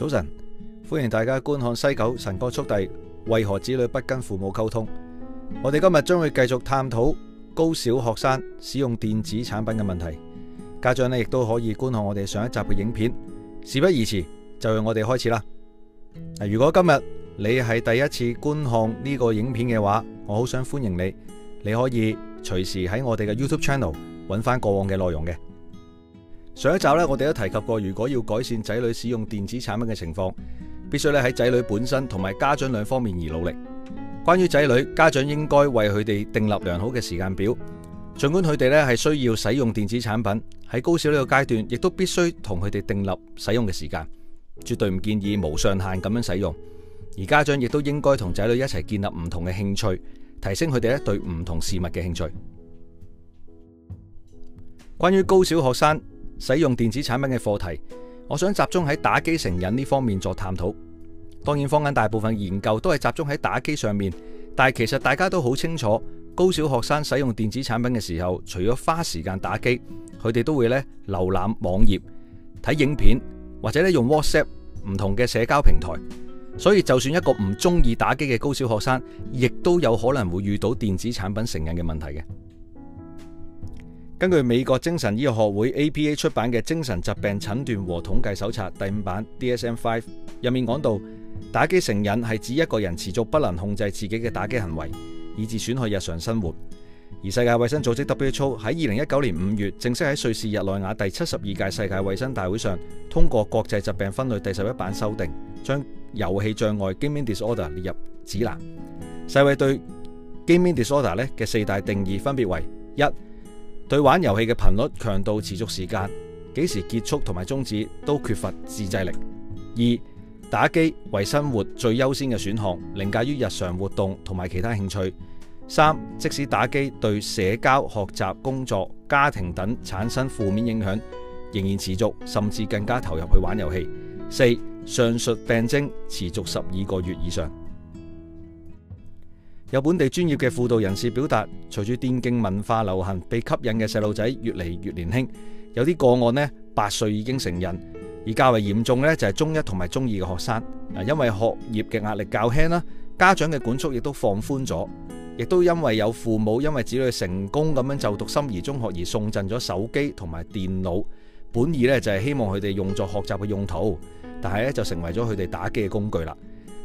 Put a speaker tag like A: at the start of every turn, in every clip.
A: 早晨，歡迎大家觀看西九神哥速遞。為何子女不跟父母溝通？我哋今日將會繼續探討高小學生使用電子產品嘅問題。家長呢亦都可以觀看我哋上一集嘅影片。事不宜遲，就由我哋開始啦。嗱，如果今日你係第一次觀看呢個影片嘅話，我好想歡迎你。你可以隨時喺我哋嘅 YouTube Channel 揾翻過往嘅內容嘅。上一集咧，我哋都提及過，如果要改善仔女使用電子產品嘅情況，必須咧喺仔女本身同埋家長兩方面而努力。關於仔女，家長應該為佢哋訂立良好嘅時間表，盡管佢哋咧係需要使用電子產品，喺高小呢個階段，亦都必須同佢哋訂立使用嘅時間，絕對唔建議無上限咁樣使用。而家長亦都應該同仔女一齊建立唔同嘅興趣，提升佢哋咧對唔同事物嘅興趣。關於高小學生。使用電子產品嘅課題，我想集中喺打機成癮呢方面作探討。當然，坊間大部分研究都係集中喺打機上面，但其實大家都好清楚，高小學生使用電子產品嘅時候，除咗花時間打機，佢哋都會咧瀏覽網頁、睇影片或者咧用 WhatsApp 唔同嘅社交平台。所以，就算一個唔中意打機嘅高小學生，亦都有可能會遇到電子產品成癮嘅問題嘅。根據美國精神醫學學會 （APA） 出版嘅《精神疾病診斷和統計手冊》第五版 （DSM-5） 入面講到，打機成癮係指一個人持續不能控制自己嘅打機行為，以致損害日常生活。而世界衛生組織 （WHO） 喺二零一九年五月正式喺瑞士日內瓦第七十二屆世界衛生大會上通過國際疾病分類第十一版修訂，將遊戲障礙 g a m i n g Disorder） 列入指南。世衛對 g a m i n g Disorder 咧嘅四大定義分別為一。對玩遊戲嘅頻率、強度、持續時間、幾時結束同埋終止都缺乏自制力；二，打機為生活最優先嘅選項，凌駕於日常活動同埋其他興趣；三，即使打機對社交、學習、工作、家庭等產生負面影響，仍然持續甚至更加投入去玩遊戲；四，上述病徵持續十二個月以上。有本地專業嘅輔導人士表達，隨住電競文化流行，被吸引嘅細路仔越嚟越年輕。有啲個案呢，八歲已經成人，而較為嚴重呢，就係中一同埋中二嘅學生。啊，因為學業嘅壓力較輕啦，家長嘅管束亦都放寬咗，亦都因為有父母因為子女成功咁樣就讀心儀中學而送贈咗手機同埋電腦。本意呢，就係希望佢哋用作學習嘅用途，但係咧就成為咗佢哋打機嘅工具啦。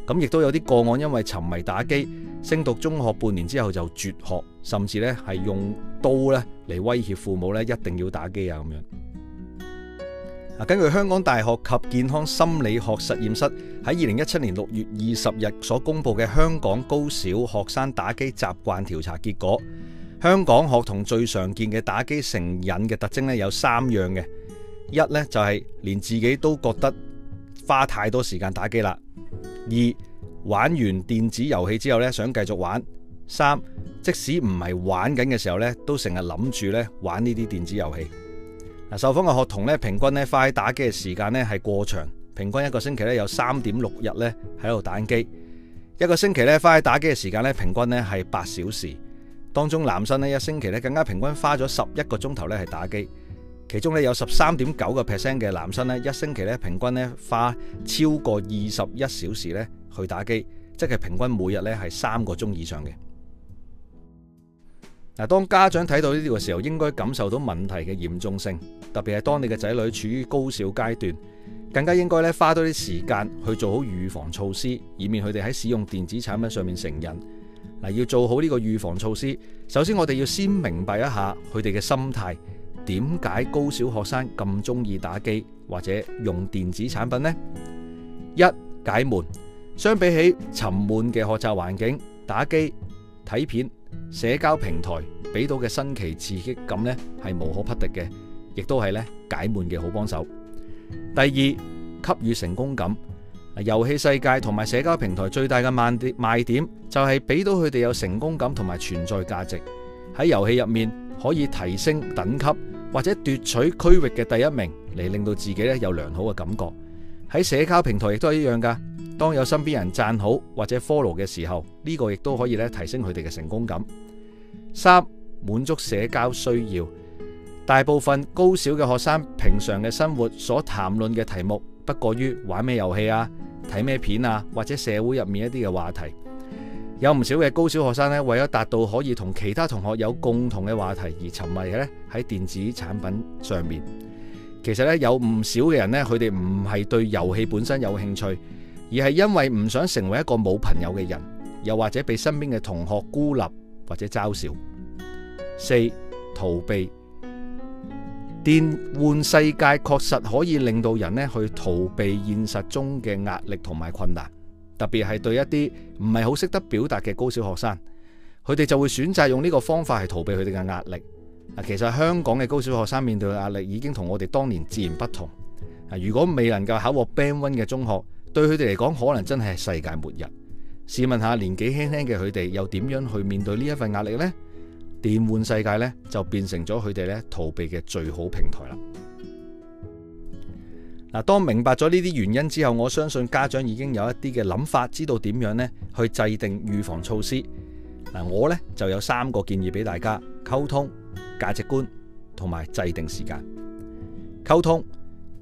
A: 咁亦都有啲個案因為沉迷打機。升讀中學半年之後就絕學，甚至咧係用刀咧嚟威脅父母咧，一定要打機啊咁樣。根據香港大學及健康心理學實驗室喺二零一七年六月二十日所公布嘅香港高小學生打機習慣調查結果，香港學童最常見嘅打機成癮嘅特徵咧有三樣嘅，一咧就係連自己都覺得花太多時間打機啦，二。玩完電子遊戲之後咧，想繼續玩。三，即使唔係玩緊嘅時候咧，都成日諗住咧玩呢啲電子遊戲。嗱，受訪嘅學童咧，平均咧花喺打機嘅時間咧係過長，平均一個星期咧有三點六日咧喺度打機。一個星期咧花喺打機嘅時間咧，平均咧係八小時，當中男生呢，一星期咧更加平均花咗十一個鐘頭咧係打機，其中咧有十三點九個 percent 嘅男生咧一星期咧平均咧花超過二十一小時咧，去打機，即係平均每日咧係三個鐘以上嘅嗱。當家長睇到呢啲嘅時候，應該感受到問題嘅嚴重性，特別係當你嘅仔女處於高小階段，更加應該咧花多啲時間去做好預防措施，以免佢哋喺使用電子產品上面成癮嗱。要做好呢個預防措施，首先我哋要先明白一下佢哋嘅心態，點解高小學生咁中意打機或者用電子產品呢？一解悶。相比起沉悶嘅學習環境，打機、睇片、社交平台俾到嘅新奇刺激感呢係無可匹敵嘅，亦都係呢解悶嘅好幫手。第二，給予成功感。遊戲世界同埋社交平台最大嘅賣點賣點就係俾到佢哋有成功感同埋存在價值。喺遊戲入面可以提升等級或者奪取區域嘅第一名，嚟，令到自己呢有良好嘅感覺。喺社交平台亦都係一樣噶。當有身邊人讚好或者 follow 嘅時候，呢個亦都可以咧提升佢哋嘅成功感。三、滿足社交需要，大部分高小嘅學生平常嘅生活所談論嘅題目不過於玩咩遊戲啊、睇咩片啊，或者社會入面一啲嘅話題。有唔少嘅高小學生咧，為咗達到可以同其他同學有共同嘅話題而沉迷咧喺電子產品上面。其實咧，有唔少嘅人咧，佢哋唔係對遊戲本身有興趣。而係因為唔想成為一個冇朋友嘅人，又或者被身邊嘅同學孤立或者嘲笑。四逃避電玩世界確實可以令到人咧去逃避現實中嘅壓力同埋困難，特別係對一啲唔係好識得表達嘅高小學生，佢哋就會選擇用呢個方法去逃避佢哋嘅壓力。嗱，其實香港嘅高小學生面對嘅壓力已經同我哋當年自然不同。啊，如果未能夠考獲 band one 嘅中學。對佢哋嚟講，可能真係世界末日。試問下年紀輕輕嘅佢哋，又點樣去面對呢一份壓力呢？電玩世界咧，就變成咗佢哋咧逃避嘅最好平台啦。嗱，當明白咗呢啲原因之後，我相信家長已經有一啲嘅諗法，知道點樣咧去制定預防措施。嗱，我呢，就有三個建議俾大家：溝通、價值觀同埋制定時間。溝通。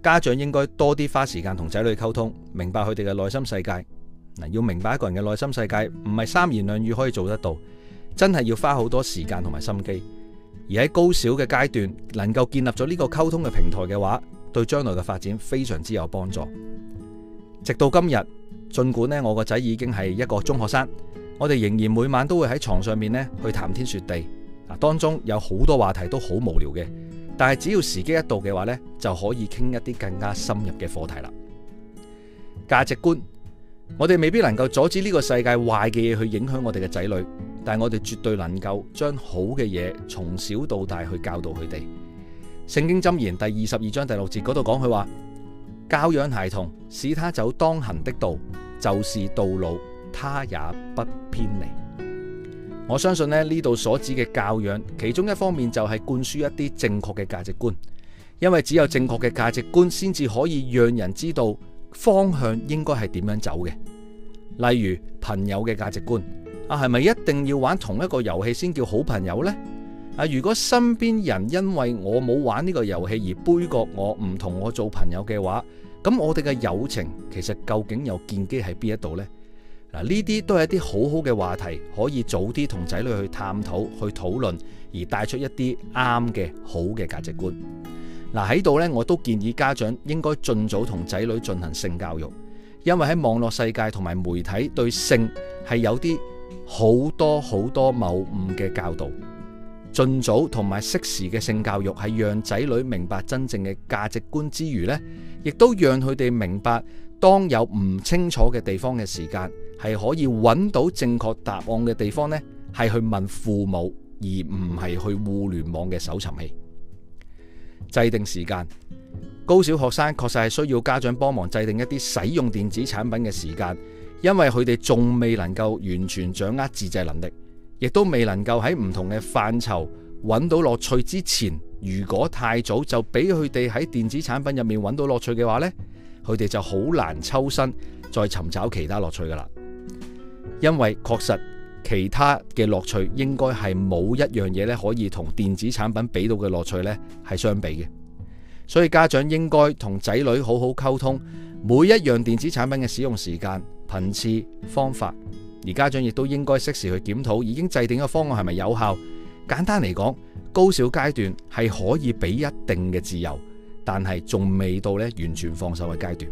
A: 家長應該多啲花時間同仔女溝通，明白佢哋嘅內心世界。嗱，要明白一個人嘅內心世界，唔係三言兩語可以做得到，真係要花好多時間同埋心機。而喺高小嘅階段，能夠建立咗呢個溝通嘅平台嘅話，對將來嘅發展非常之有幫助。直到今日，儘管呢我個仔已經係一個中學生，我哋仍然每晚都會喺床上面呢去談天說地。嗱，當中有好多話題都好無聊嘅。但係只要時機一到嘅話呢，就可以傾一啲更加深入嘅課題啦。價值觀，我哋未必能夠阻止呢個世界壞嘅嘢，去影響我哋嘅仔女，但係我哋絕對能夠將好嘅嘢從小到大去教導佢哋。聖經箴言第二十二章第六節嗰度講佢話：教養孩童，使他走當行的道，就是道路，他也不偏離。我相信咧，呢度所指嘅教養，其中一方面就係灌輸一啲正確嘅價值觀，因為只有正確嘅價值觀，先至可以讓人知道方向應該係點樣走嘅。例如朋友嘅價值觀，啊係咪一定要玩同一個遊戲先叫好朋友呢？啊如果身邊人因為我冇玩呢個遊戲而杯葛我唔同我做朋友嘅話，咁我哋嘅友情其實究竟又建基喺邊一度呢？嗱，呢啲都係一啲好好嘅話題，可以早啲同仔女去探討、去討論，而帶出一啲啱嘅好嘅價值觀。嗱，喺度呢，我都建議家長應該盡早同仔女進行性教育，因為喺網絡世界同埋媒體對性係有啲好多好多謬誤嘅教導。盡早同埋適時嘅性教育係讓仔女明白真正嘅價值觀之餘呢，亦都讓佢哋明白，當有唔清楚嘅地方嘅時間，係可以揾到正確答案嘅地方呢，係去問父母，而唔係去互聯網嘅搜尋器。制定時間，高小學生確實係需要家長幫忙制定一啲使用電子產品嘅時間，因為佢哋仲未能夠完全掌握自制能力，亦都未能夠喺唔同嘅範疇揾到樂趣之前，如果太早就俾佢哋喺電子產品入面揾到樂趣嘅話呢，佢哋就好難抽身再尋找其他樂趣㗎喇。因為確實其他嘅樂趣應該係冇一樣嘢咧可以同電子產品俾到嘅樂趣咧係相比嘅，所以家長應該同仔女好好溝通每一樣電子產品嘅使用時間、頻次、方法，而家長亦都應該適時去檢討已經制定嘅方案係咪有效。簡單嚟講，高小階段係可以俾一定嘅自由，但係仲未到咧完全放手嘅階段。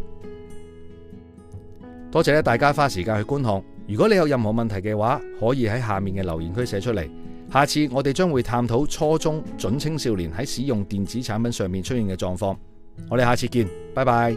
A: 多謝咧大家花時間去觀看。如果你有任何問題嘅話，可以喺下面嘅留言區寫出嚟。下次我哋將會探討初中準青少年喺使用電子產品上面出現嘅狀況。我哋下次見，拜拜。